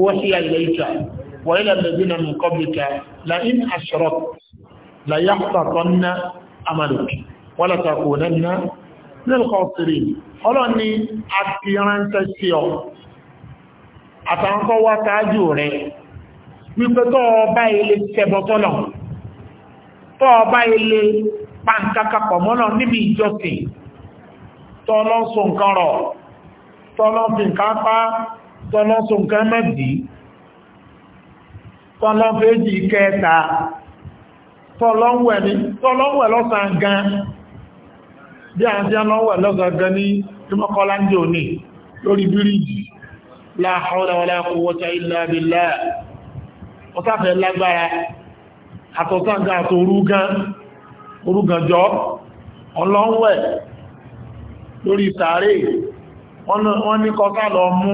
wọ́síyà ilẹ̀ ìjà wọ́n ilẹ̀ lẹ́gbẹ̀ẹ́ mi kọ́bíkà láìn àṣọ́rọ̀ láyàpàtọ́nà amalòkì wọ́n lọ́tàkù nẹ́nà nílùkọ́sìrì ọlọ́ni àti ránṣẹ́ sí ọ àtàkọ́ wá táájú rẹ̀ wípé tọ́ ọba ilé tẹbọtọ́lọ̀ tọ́ níbi ìjọsìn tọ́ lọ́sùn kan rọ̀ tọ́lọ́fin kápá tọ́lọ́sùn kan mẹ́bí tọ́lọ́fẹ́jì kẹta tọ́lọ́wẹ̀ lọ́sàn gan bí a ti lọ́wẹ̀ lọ́sàn gan ní ìmọ́kọ́lá ní òní lórí bíríjì la hawla wala quwwata illa billah ọ̀sáfẹ́ lágbára àtọ̀sáǹgá àtòrúgán orúgànjọ́ ọlọ́wẹ̀ lórí tààrí wọ́n ní kọsá lọ mú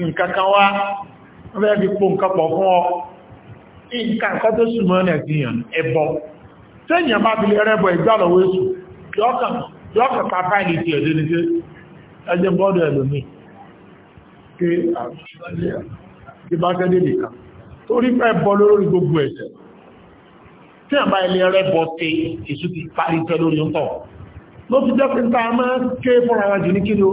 nǹkankan wá rẹ́ bí pò nǹkan pọ̀ fún ọ nǹkan kan tó súnmọ́ ní ẹ̀sìyàn ẹbọ tẹ́yìn bá fi lè rẹ́bọ ìgbàlọ́wọ́ èṣù yọ́kàn pàpá ìlú ti ẹ̀dẹ́ ní pé ẹjẹ́ bọ́ọ̀dọ̀ ẹ̀lòmí pé àbíbákẹ́dé nìkan torí pé ẹbọ lórí gbogbo ẹ̀ṣẹ̀ tí àbá ilé rẹ́bọ tẹ èṣù ti parí tẹ lórí ń tọ̀ ló fi jẹ́ pé máa ké fúnra wa jù ní kí ni ó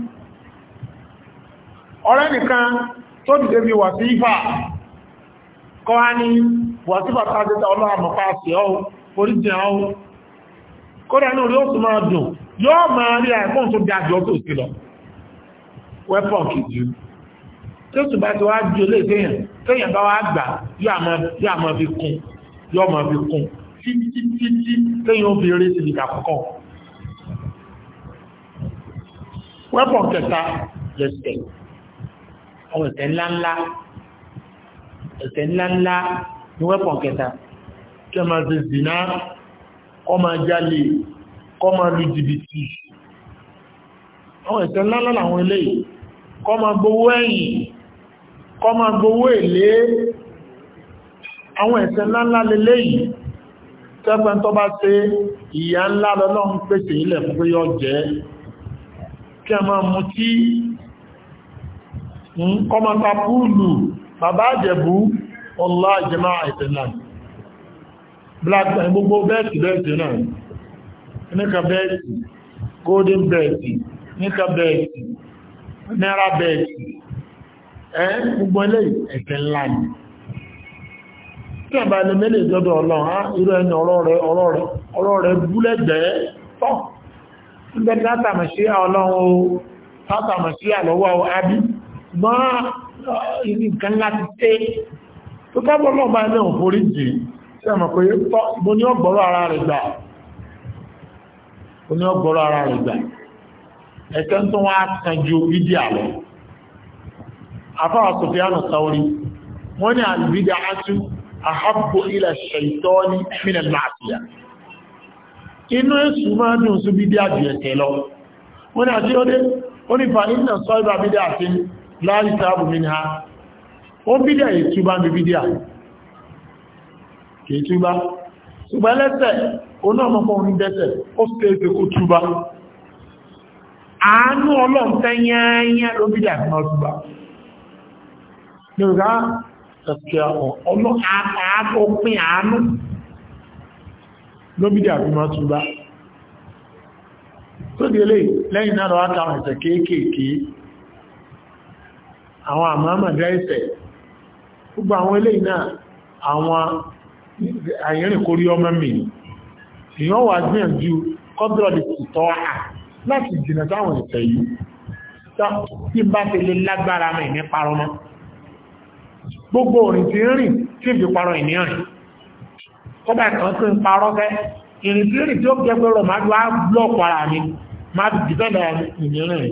ọ̀rẹ́ nìkan tó dìde bí wàsífà kọ́ á ní wàsífà tàbíta ọlọ́àmọ̀pá sí ọ́ orí jẹ́ ọ́ kódà ní orí oṣù máa dùn yóò máa rí àìkún tó dájọ́ tó sí lọ wẹ́pọ̀n kìjú tí ó tùbá ti wá di olè téèyàn téèyàn bá wá gbà yóò máa fi kún yóò máa fi kún títítítí téèyàn ó fi rí síbi kàkọ́kọ́ wẹ́pọ̀n kẹta lẹ́sẹ̀ àwọn ẹ̀ṣẹ̀ ńláńlá ẹ̀ṣẹ̀ ńláńlá ní wẹ́pọ̀n kẹta kí ọmọ ti zìná kọ́ máa jálè kọ́ máa lu jìbìtì àwọn ẹ̀ṣẹ̀ ńláńlá làwọn eléyìí kọ́ máa gbowó ẹ̀yìn kọ́ máa gbowó èlé àwọn ẹ̀ṣẹ̀ ńláńlá leléyìí tẹ́gbẹ́ tó bá ṣe ìyà ńlá lọ́lọ́run pèsè ilẹ̀ fún pé yọ jẹ́ kí a máa mutí Hmm? kọmọta púùlù bàbá àjẹ̀bú ọlá ìjẹmá àìtẹ̀lá gbogbo bẹ́ẹ̀tì bẹ́ẹ̀tì náà níka bẹ́ẹ̀tì golden bẹ́ẹ̀tì níka bẹ́ẹ̀tì náírà bẹ́ẹ̀tì ẹ́ gbogbo ilé ẹ̀tẹ̀ ńlá ni tí mẹ́lẹ̀ ìjọdọ̀ ọlọ́run mọ́ uh, nǹkan láti tẹ́ tó kábọ̀ náà bá náà forí jì sí àmà pé mo ní ọgbọ̀rọ̀ ara rẹ̀ gbà mo ní ọgbọ̀rọ̀ ara rẹ̀ gbà ẹ̀kẹ́ tó wá kan ju bídí àlọ́ afáwà Sufyanu Sauri wọ́n ní àlùbídà átú àhápò ilẹ̀ ṣẹ̀tọ́ ní mínẹ̀ láàfíà inú èsù máa dùn sí bídí àjù ẹ̀tẹ̀ lọ wọ́n ní àti ó ó ní fa iná sọ́ ibà bídí àti láàrín tààbù mi ní ha ó bídíà ìtúbá mi bídíà kìí túbá ṣùgbọ́n lẹ́sẹ̀ onáàmọ́pọ̀ ní dẹ́sẹ̀ ó sì tẹ́ẹ̀ẹ́ kó túbá àánú ọlọ́ǹtẹ́ yányá ló bídíà ní ọtúbá yorùbá ẹ̀kẹ́ ọlọ́pìn àánú ló bídíà ní ọtúbá tó délé lẹ́yìn àwọn àmàmàdá ẹ̀sẹ̀ gbogbo àwọn eléyìí náà àwọn àyẹ́rìn kórí ọmọ mi èyàn wà gbìyànjú kọ́dọ̀lì tọ́ à láti jìnà táwọn ìtẹ̀ yìí tí bá ti lè lágbára mẹ́ ní parọ́ mọ́ gbogbo òrìn tí rìn tí fi parọ́ ìní rìn kọ́bà kan tí ń parọ́ fẹ́ ìrìn tí rìn tí ó jẹ́ pẹ́rọ máa wá blọ́ọ̀kọ́ ara mi máa dìbẹ̀lẹ̀ ìní rìn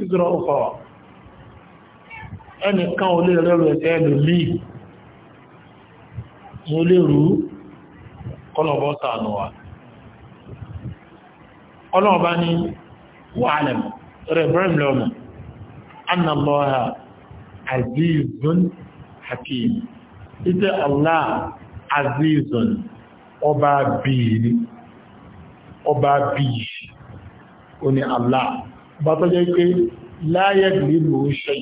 ìgbìrọ̀ ọkọ̀ ẹnìkan ò lè rẹ̀rù ẹ̀tẹ́ ẹ̀lò míì mo lè rú kọlọ̀bọ̀ sàánù ọlọ́ọ̀bá ní wàhálẹ̀ rẹ̀ lọ́nà azizun hakim ita allah azizun ọba bíi ọba bíi allah bá tó jẹ́ pé láyé nílò ṣe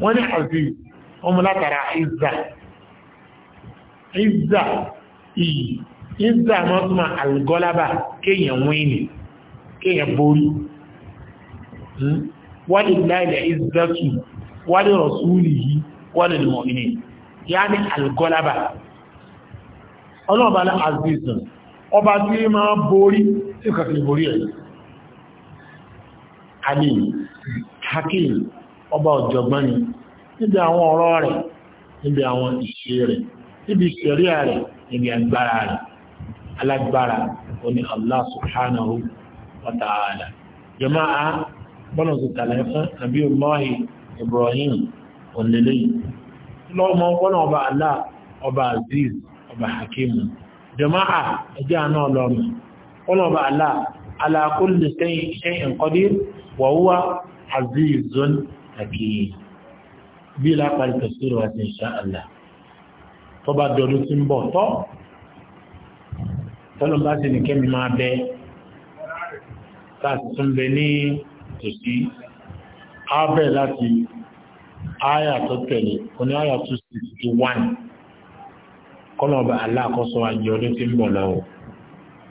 wọ́n ní àti ọmọ látara ìzà ìzà ìyí ìzà wọ́n túnmà àlgọ́lábà kéèyàn wíìnì kéèyàn borí wọ́n ni láìlẹ̀ ìzà tù wọ́n ni rọ̀súlì yìí wọ́n ni mọ̀mìnì yá ní àlgọ́lábà ọlọ́ọ̀bá lá ọba tí máa borí tí kàfí borí ẹ̀yìn alim hakim ọba ọ̀jọ̀gbọ́n ni níbi àwọn ọ̀rọ̀ rẹ̀ níbi àwọn ìṣe rẹ̀ níbi ìṣẹ̀ríà rẹ̀ níbi agbára rẹ̀ alágbára oní Allah subhanahu wa ta'ala jama'a bọ́nà sí tààlẹ̀ fún àbí ọmọ́hì Ibrahim òlélẹ́ lọ́mọ bọ́nà ọba Allah ọba aziz ọlọ́run bọ́nà ọba Allah ala kulli wa huwa azizun hakim bí lápàá ìtẹ̀síro àti insha Allah tó bá dọ̀dún tí ń bọ̀ tọ́ tọ́lọ̀ bá sì ní kẹ́mi máa bẹ láti tún bẹ ní tòsí ábẹ̀ láti áyà tó tẹ̀lé oní áyà 261 kọ́lọ̀ bá aláàkọ́sọ àjọ ọdún tí ń bọ̀ lọ́wọ́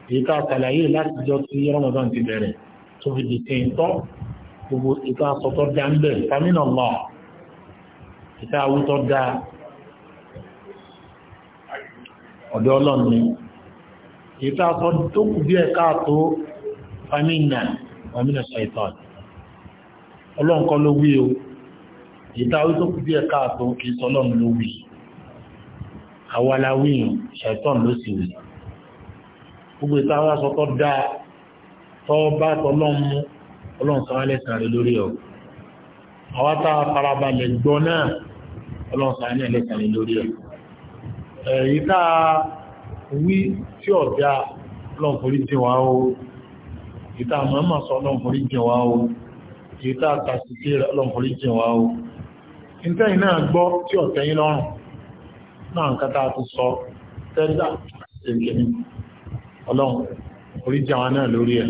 èyí ká àtàlàyé láti jọ tí rọ́mọdán ti bẹ̀rẹ̀ tó fi dìtẹ̀ tọ́ gbogbo ìta sọ̀tọ̀ dá ń bẹ̀ ìtàmínà lọ ìta awútọ́ dá ọ̀dọ̀ ọlọ́ni ìta sọ tó kù bí ẹ̀ká tó famina famina shaitan ọlọ́nkọ́ ló wí o ìta awú tó kù bí ẹ̀ká tó kì í sọ ọlọ́run ló wí àwaláwíyàn shaitan ló sì wí gbogbo ìta wá sọ̀tọ̀ tọ́ bá tọ́lọ́mú ọlọ́run sọ alẹ́ sàn rẹ lórí ọ àwa tá a farabalẹ̀ gbọ́ náà ọlọ́run sọ alẹ́ alẹ́ sàn rẹ lórí ọ èyí tá a wí tí ọ̀dà ọlọ́run forí jìn wá o èyí tá a mọ̀ọ́mọ̀ sọ ọlọ́run forí jìn wá o èyí tá a tàṣìṣe ọlọ́run forí jìn wá o ìtẹ́yìn náà gbọ́ tí ọ̀tẹ́yìn lọ́rùn náà nǹkan tá a ti sọ tẹ́lá ṣèkìní ọlọ́run orí jàwọn náà lórí ẹ̀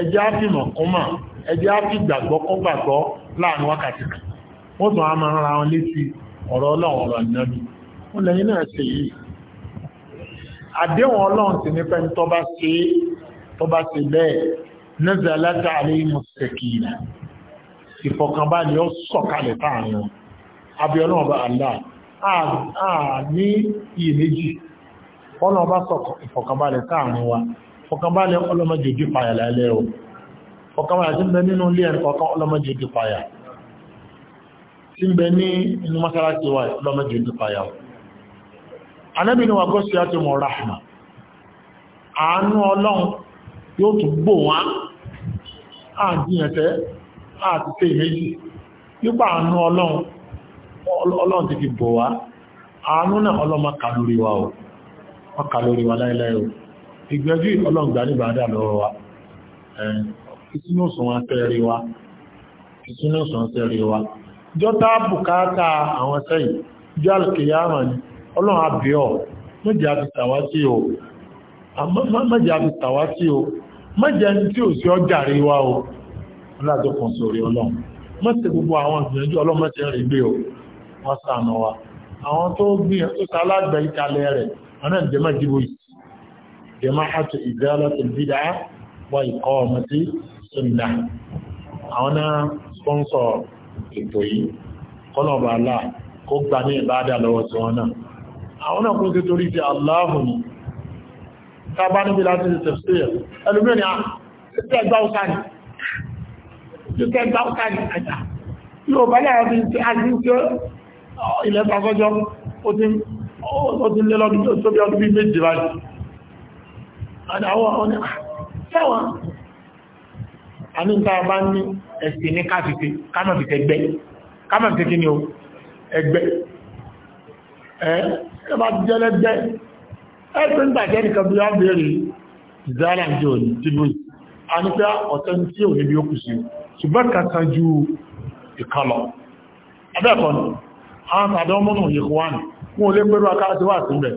ẹjẹ́ ápìmọ̀ kúnmọ̀ ẹjẹ́ ápì gbàgbọ́ kún gbàgbọ́ láàrin wákàtí kan wọ́n tún á máa ń ra wọn létí ọ̀rọ̀ ọlọ́run ọ̀rọ̀ ìnábi wọ́n lẹ́yìn náà ṣe yìí àdéhùn ọlọ́run sì nípa ẹni tọ́ba ṣe tọ́ba ṣe bẹ́ẹ̀ nazalat alayhimu sakina ìfọ̀kànbalẹ̀ ó sọ̀kalẹ̀ fáàrin wọn abiola ọba Allah a ní iyèméjì ọlọ́run bá sọ̀kọ̀ ìfọ̀kànbalẹ̀ fáàrin wa fọkànbalẹ̀ ọlọ́mọdé dị payà lálẹ́ o fọkànbalẹ̀ tí ń bẹ nínú ilé ẹ̀rọ kọ̀ọ̀kan ọlọ́mọdé ojú payà tí ń bẹ ní inú mọ́sálásí wa ọlọ́mọdé ojú àánú ọlọ́run yóò náà ọlọ́mọ wa wa ìgbẹ́jú ọlọ́ǹgbà níbàdà lọ́wọ́ wa ìsúnúsùn àtẹ́rí wa ìsúnúsùn àtẹ́rí wa jọta bùkátà àwọn sẹ́yìn jọ alkiyama ni ọlọ́run àbíọ̀ mẹ́jẹ́ àti tàwátí o mẹ́jẹ́ àti tàwátí o mẹ́jẹ́ tí ò sí ọjà rí wa o ọlọ́dọ̀kan sórí ọlọ́run mẹ́sẹ̀ gbogbo àwọn ìgbìyànjú ọlọ́mẹ́sẹ̀ rí gbé o wọ́n sànà wa àwọn tó gbìyànjú sálàgbẹ̀ ìkàlẹ̀ rẹ̀ ọ̀nà ìjẹ́mẹ́jìbò yìí jama'atu izalatul bid'ah wa iqamati sunnah àwọn náà sponsor ètò yìí kọ́lọ̀bà aláà kó gbà ní ìbádà lọ́wọ́ tí wọ́n náà àwọn náà kún sí torí ti aláàhù ní tàbá níbi láti ti tafsir ẹlùmíọ̀ ni a tẹ́gbà ọ̀sáni àjá yóò bá láàá fi ti àjíṣẹ́ ilẹ̀ àdáwọ̀ ọ̀nà ah, sẹ́wọ̀n àníta bá ní ẹ̀sìn ní káfífẹ́ kámọ̀fífẹ́ ẹgbẹ́ kámọ̀fífẹ́ kí ni o ẹgbẹ́ ẹ bá jẹ́ lẹ́gbẹ́ ẹ tó ń tàkẹ́ nìkan bí wọ́n bèèrè zara jẹ́ òní tí ló a ní pé ọ̀tẹ́ tí ò níbi ó kù sí ṣùgbọ́n kan san ju ìkàlọ̀ abẹ́ẹ̀kọ́ ni àwọn àdọ́mọ́nà yìí wọ́n ò lé pẹ́rú akáàtíwà sílẹ̀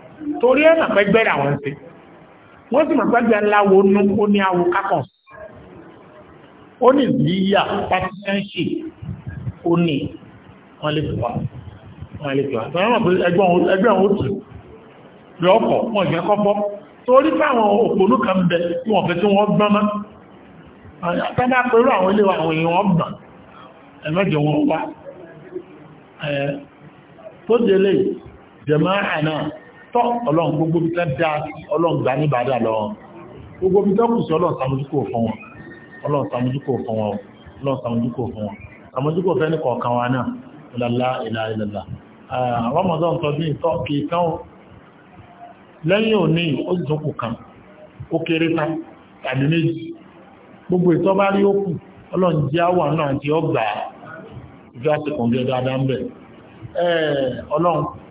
torí ẹ̀ màpẹ́ gbẹ́rẹ́ àwọn ṣe wọ́n sì màpẹ́ gbẹ́rẹ́ láwo nú ó ní awo kákàn ó ní ìyíyà pàtíṣẹ́ǹṣì ó ní wọ́n lè fìwà wọ́n lè fìwà tọ́rọ pé ẹgbẹ́ òun tù lọ́pọ̀ wọ́n jẹ́ kọ́kọ́ torí fáwọn òpònú kan bẹ tí wọ́n ẹ̀mẹ́jọ wọn wá tó délé jẹ̀mọ́ àná tọ́ ọlọ́run gbogbo bí tán dáa sí ọlọ́run gbà ní bàdà lọ gbogbo bí tán kù sí ọlọ́run sàmójúkò fún wọn ọlọ́run sàmójúkò fún wọn ọlọ́run sàmójúkò fún wọn sàmójúkò fẹ́ ní kọ̀ọ̀kan wa náà ìlàlá ìlà ìlàlá ramadan tọdún ìtọ́ kì í tán lẹ́yìn òní ó sì tókù kan ó kéré tán tàbí méjì gbogbo ìtọ́ bá rí ó ọlọ́run jẹ́ àwọn náà ti ọgbà ìjọ àsìkò ń gẹ́gẹ́ adá ń bẹ̀ ọlọ́run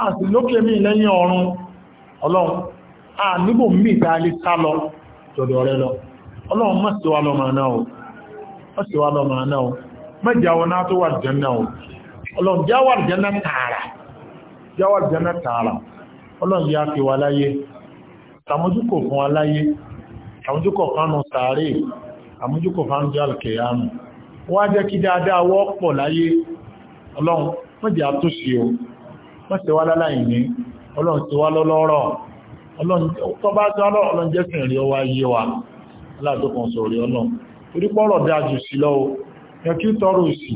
a sì lókè mí lẹ́yìn ọ̀run ọlọ́run a níbò mí ìdáalé sá lọ jọ̀dọ̀ rẹ lọ ọlọ́run má ṣì wá lọ́mọ náà o má ṣì wá lọ́mọ náà o mẹ́jà wọn náà tó wà jẹ́nà o ọlọ́run jáwà jẹ́nà tààrà jáwà jẹ́nà tààrà ọlọ́run yá fi wà láyé tàmójúkò fún wa láyé tàmójúkò fánú sàárè àmójúkò fánú jẹ́ alkèyàmù wọ́n á jẹ́ kí dáadáa wọ́pọ̀ láyé ọlọ́run mẹ́jà tó ṣe o wọ́n ti wá láláì ní ọlọ́run ti wá lọ́lọ́rọ̀ tó bá tí ọlọ́run jẹ́ ọwá yé wa aládókan sọ ọlọ́run torí pọ́rọ̀ dájú sí lọ́wọ́ tọrọ òsì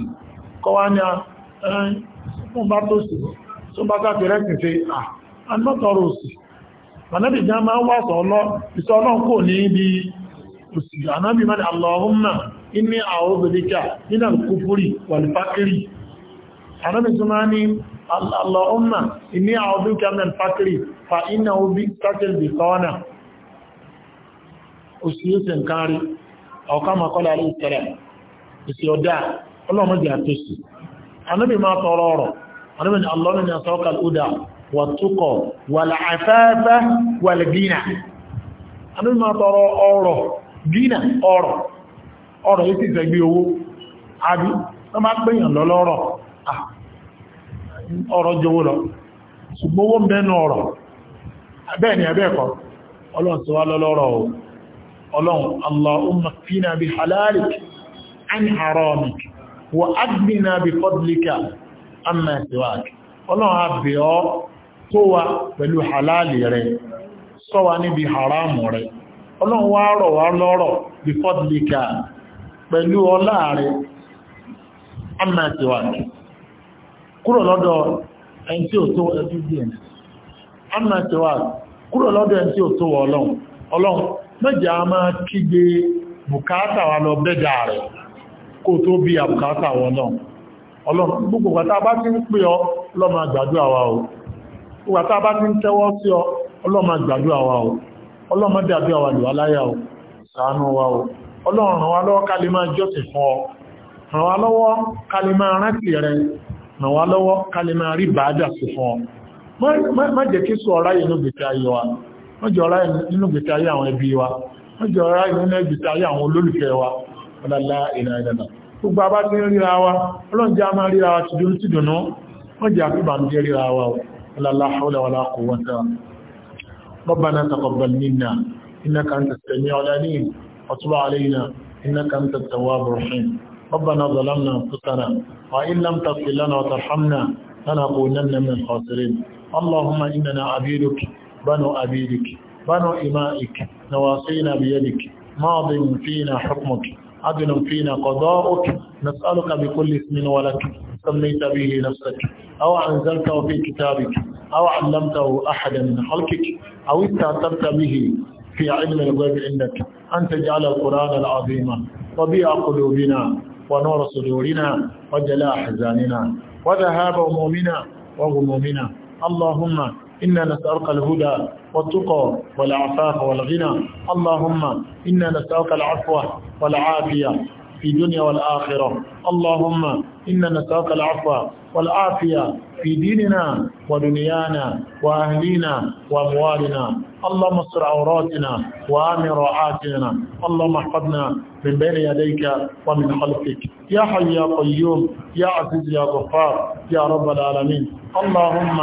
kọ́ wá ní ẹ̀ẹ́n bá tó tó bá káàkì àná tọrọ òsì máa ń wá sọ ọlọ́run kò ní ibi òsì anábì tó máa ní allahumma inni a'udhu bika min al-fakri fa innahu bí tákìl bí sọ́ọ́nà òṣìṣẹ́ nǹkan rí ọ̀ká makọ́lá rí ìtẹ́rẹ̀ ìsì ọ̀dá ọlọ́mọdé àtòsí anábì máa tọrọ ọ̀rọ̀ anábì ni allahumma Ah, ọ̀rọ̀ jọwọ́ lọ ṣùgbọ́n owó mẹ́nu ọ̀rọ̀ bẹ́ẹ̀ ni ẹ̀bẹ́ẹ̀kọ́ ọlọ́run ti wá lọ́lọ́rọ̀ ọlọ́run allahumma kfina bi halalik an haramik wa aghnina bi fadlika amma siwak ọlọ́run a bẹ̀ ọ́ tó wa pẹ̀lú halali rẹ̀ ṣọ́ wa níbi haramu rẹ̀ ọlọ́run wá rọ̀ wá lọ́rọ̀ bi kúrò lọ́dọ̀ ẹni tí ò tó kúrò lọ́dọ̀ ẹni tí ò tó wọ a máa kígbe bukata wa lọ bẹ́jà rẹ̀ kó tó bí ọlọ́run gbogbo bá ti ń pè ọ o pàtà bá ti ń tẹ́wọ́ sí ọ àgbàdúrà wa o ọlọ́run dàbí láyà o ṣàánú wa o ọlọ́run ràn wá lọ́wọ́ máa ràn wá lọ́wọ́ kálẹ̀ máa rí bàádà sí fún ọ má jẹ́ kí sọ ọ̀rá inú gbètè ayé wa má jẹ́ ọ̀rá inú gbètè ayé àwọn ẹbí wa má jẹ́ ọ̀rá inú gbètè ayé àwọn olólùfẹ́ wa ọlọ́lá ìlànà gbogbo abá ti ń ríra wa ọlọ́njẹ́ a máa ríra wa ti dúró ti dùnú má jẹ́ àfíbànújẹ́ ríra wa ọlọ́lá haúlẹ̀ wà láàkó wọ́n tẹ́ra ربنا تقبل منا إنك أنت السميع العليم وتب علينا إنك أنت التواب الرحيم ربنا ظلمنا أنفسنا وإن لم تغفر لنا وترحمنا لنكونن من الخاسرين اللهم إننا عبيدك بنو عبيدك بنو إمائك نواصينا بيدك ماض فينا حكمك عدل فينا قضاؤك نسألك بكل اسم ولك سميت به نفسك أو أنزلته في كتابك أو علمته أحدا من خلقك أو استعترت به في علم الغيب عندك أن تجعل القرآن العظيم ربيع قلوبنا ونور صدورنا وجلاء حزاننا وذهاب همومنا وغمومنا اللهم إنا نسألك الهدى والتقى والعفاف والغنى اللهم إنا نسألك العفو والعافية في الدنيا والآخرة اللهم إنا نسألك العفو والعافية في ديننا ودنيانا وأهلينا وأموالنا اللهم استر عوراتنا وامر روعاتنا اللهم احفظنا من بين يديك ومن خلفك يا حي يا قيوم يا عزيز يا غفار يا رب العالمين اللهم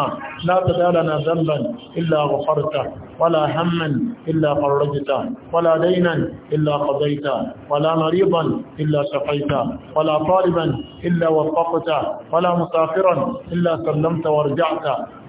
لا تدع ذنبا إلا غفرته ولا هما إلا فرجته ولا دينا إلا قضيته ولا مريضا إلا شفيته ولا طالبا إلا وفقته ولا مسافرا إلا سلمت ورجعت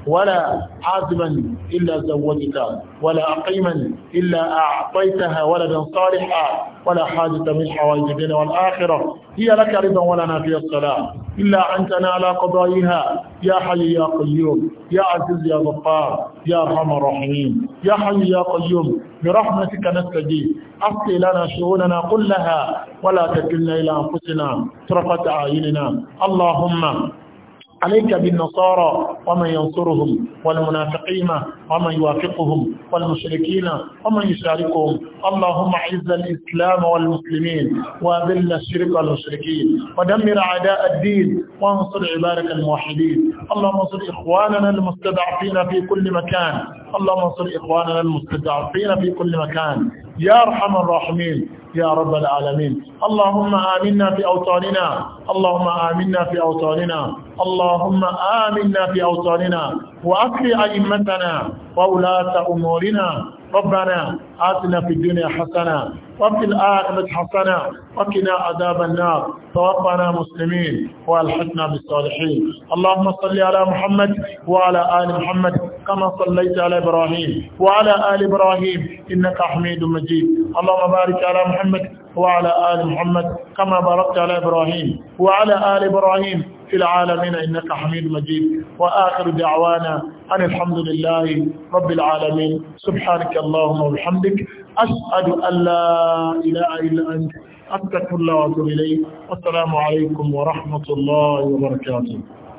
ولا عازما إلا زوجك ولا أقيما إلا أعطيتها ولدا صالحا ولا حاجة من حوائج الدنيا والآخرة هي لك رضا ولنا في الصلاة إلا أن تنال قضائها يا حي يا قيوم يا عزيز يا غفار يا أرحم الراحمين يا حي يا قيوم برحمتك نستجيب أصلي لنا شؤوننا كلها ولا تكلنا إلى أنفسنا شرفه أعيننا اللهم عليك بالنصارى ومن ينصرهم والمنافقين ومن يوافقهم والمشركين ومن يشاركهم اللهم عز الإسلام والمسلمين وذل الشرك والمشركين ودمر أعداء الدين وانصر عبادك الموحدين اللهم انصر إخواننا المستضعفين في كل مكان اللهم انصر إخواننا المستضعفين في كل مكان يا أرحم الراحمين يا رب العالمين اللهم آمنا في أوطاننا اللهم آمنا في أوطاننا اللهم آمنا في أوطاننا وأصل أئمتنا وولاة أمورنا ربنا آتنا في الدنيا حسنة وفي الآخرة حسنة وقنا عذاب النار توفنا مسلمين والحقنا بالصالحين اللهم صل على محمد وعلى آل محمد كما صليت على إبراهيم وعلى آل إبراهيم إنك حميد مجيد اللهم بارك على محمد وعلى آل محمد كما باركت على إبراهيم وعلى آل إبراهيم في العالمين إنك حميد مجيد وآخر دعوانا أن الحمد لله رب العالمين سبحانك اللهم وبحمدك أشهد أن لا إله إلا أنت أستغفر الله وأتوب إليه والسلام عليكم ورحمة الله وبركاته